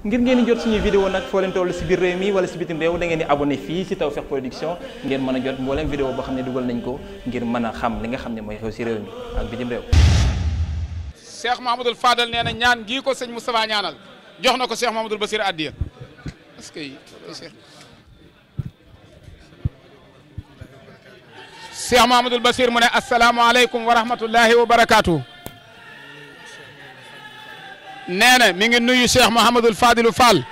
ngir ngeen di jot suñuy vidéo nag foo toll si biir réew mi wala si bitim réew da ngeen di abonné fii si Tawfekh Production ngeen mën a jot mbooleem vidéo boo xam ne dugal nañ ko ngir mën a xam li nga xam ne mooy xew si réew mi ak bitim réew Cheikh Mahamadul Fadal nee na ñaan gii ko sëñ Moustapha ñaanal jox na ko Cheikh Mahamadul Basir addiya parce que Cheikh Mahamadul Basir mu ne asalaamaaleykum nee na mi ngi nuyu Cheikh Mouhamadul Fadilu Fall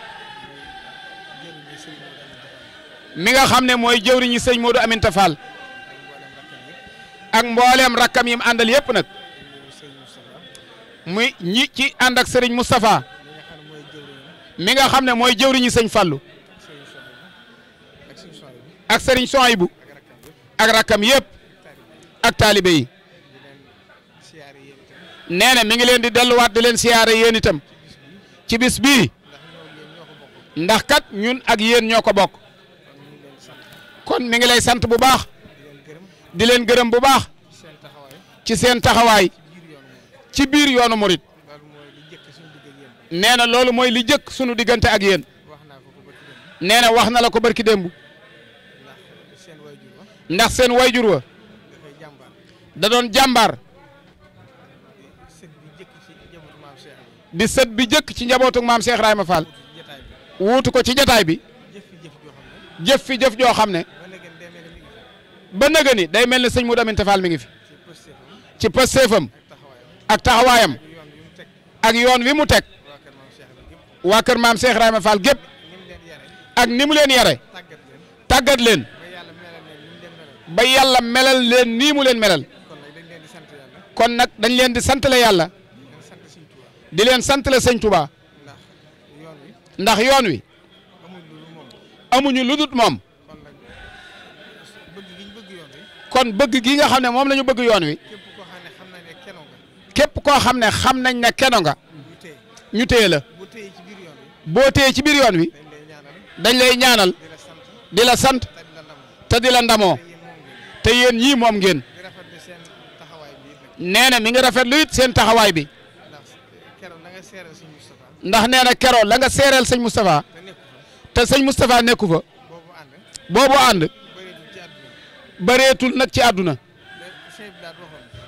mi nga xam ne mooy jëwriñu sëñ Modou Aminta Fall ak mbooleem rakkam yim àndal yëpp nag muy ñi ci ànd ak sëriñ mi nga xam ne mooy jëwriñu sëñ Fallu ak sëriñ Sohaybu ak rakkam yëpp ak taalibe nee na mi ngi leen di delluwaat di leen siyaare yéen itam ci bis bii ndax kat ñun ak yéen ñoo ko bokk kon mi ngi lay sant bu baax di leen gërëm bu baax ci seen taxawaay ci biir yoonu murit nee na loolu mooy li jëkk sunu diggante ak yéen nee na wax na la ko barki démb ndax seen wayjur wa da doon jàmbaar di sët bi jëkk ci njabootu maam Cheikh Ibrahima Fall wuutu ko ci jataay bi jëf fi jëf joo xam ne ba nëga day mel ne sëñ mu Aminta Fall mi ngi fi ci pëstéefam ak taxawaayam ak yoon wi mu teg waa kër maam Cheikh Ibrahima Fall gépp ak ni mu leen yare tàggat leen ba yàlla melal leen nii mu leen melal kon nag dañ leen di santale yàlla di leen sant la sëñ Touba ndax yoon wi amuñu lu dut moom kon bëgg gi nga xam ne moom lañu bëgg yoon wi képp koo xam ne xam nañ ne keno nga ñu téye la boo téye ci biir yoon wi dañ lay ñaanal di sant te di la ndamoo te yéen ñii moom ngeen nee na mi ngi rafet lu seen taxawaay bi ndax nee na keroog la nga seereel sëñ Moustapha te sëñ Moustapha nekku fa boobu ànd bareetul nag ci àdduna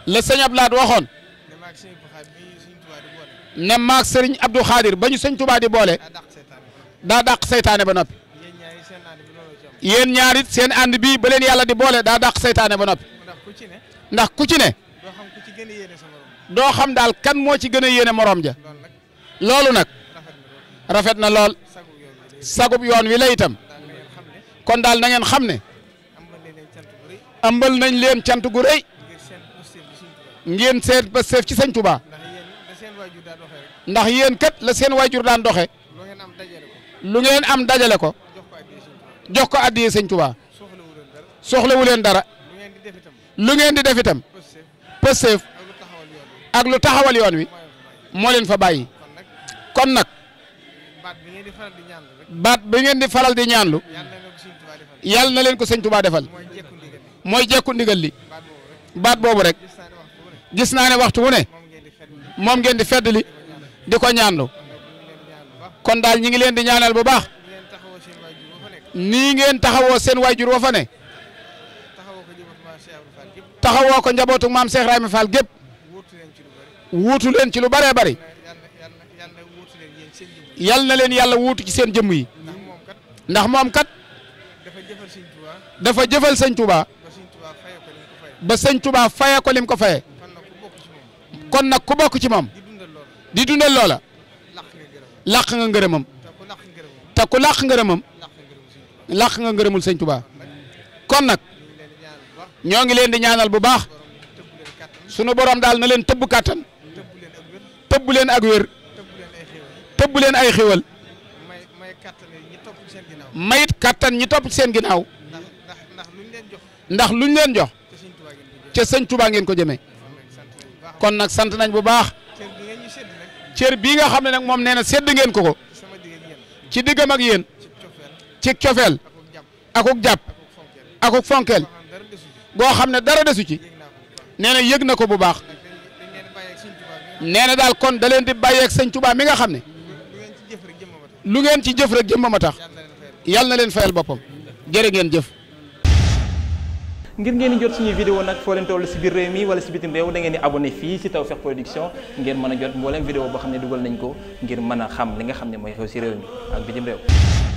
la sëñ Ablaat waxoon ne maag sëriñ Abdou Khadir ba ñu sëñ di boole daa dàq seytaane ba noppi yéen ñaarit seen ànd bii ba yàlla di boole daa dàq seytaane ba noppi ndax ku ci ne doo xam daal kan moo ci gën a yéene morom ja loolu nag rafet na lool sagub yoon wi la itam kon daal na ngeen xam ne ambal nañ leen cant gu rëy ngeen seet ba seef ci sëñ Tuubaa ndax yéen kat la seen waajur daan doxe lu ngeen am dajale ko jox ko addiye sëñ Tuubaa soxlawu leen dara lu ngeen di def itam pësteef ak lu taxawal yoon wi moo fa bàyyi. kon nag baat bi ngeen di faral di ñaanlu yàlla na leen ko sëñ Tuubaa defal mooy jekku ndigal li baat boobu rek gis naa ne waxtu wu ne moom ngeen di fedd di ko ñaanlu kon daal ñi ngi leen di ñaanal bu baax nii ngeen taxawoo seen waajur wa fa ne taxawoo ko njabootu maam Cheikh Rahima Fall gépp wuutu ci lu bëree bëri yal na leen yàlla wuutu ci seen jëmm yi ndax moom kat dafa jëfal sëñ ba sëñ Touba faye ko lim ko faye kon nag ku bokk ci moom di dundal loola làq nga ngërëmam te ku làq ngërëmam làq nga ngërëmul sëñ Touba kon nag ñoo ngi leen di ñaanal bu baax sunu borom daal na leen tëbb kàttan tëbb leen ak wér tëbb leen ay xéwal mayit kattan ñi topp seen ginnaaw ndax luñ leen jox ca sëñ Touba ngeen ko jëmee kon nag sant nañ bu baax cër bii nga xam ne nag moom nee na sedd ngeen ko ko ci diggam ak yéen ci cofeel akuk jàpp akuk fonkeel goo xam ne dara desu ci nee na yëg na ko bu baax nee na daal kon da leen di bàyyeeg sëñ Touba mi nga xam ne lu ngeen ci jëf rek jëmmam a tax yal na leen fayal boppam jërë ngeen jëf. ngir ngeen di jot suñu vidéo nag foo leen toll si biir réew mi wala si bitim réew dangeen di di abonné fii si Tawfekh Production ngeen mën a jot mbooleem vidéo boo xam ne dugal nañ ko ngir mën a xam li nga xam ne mooy xew si réew mi ak bitim réew.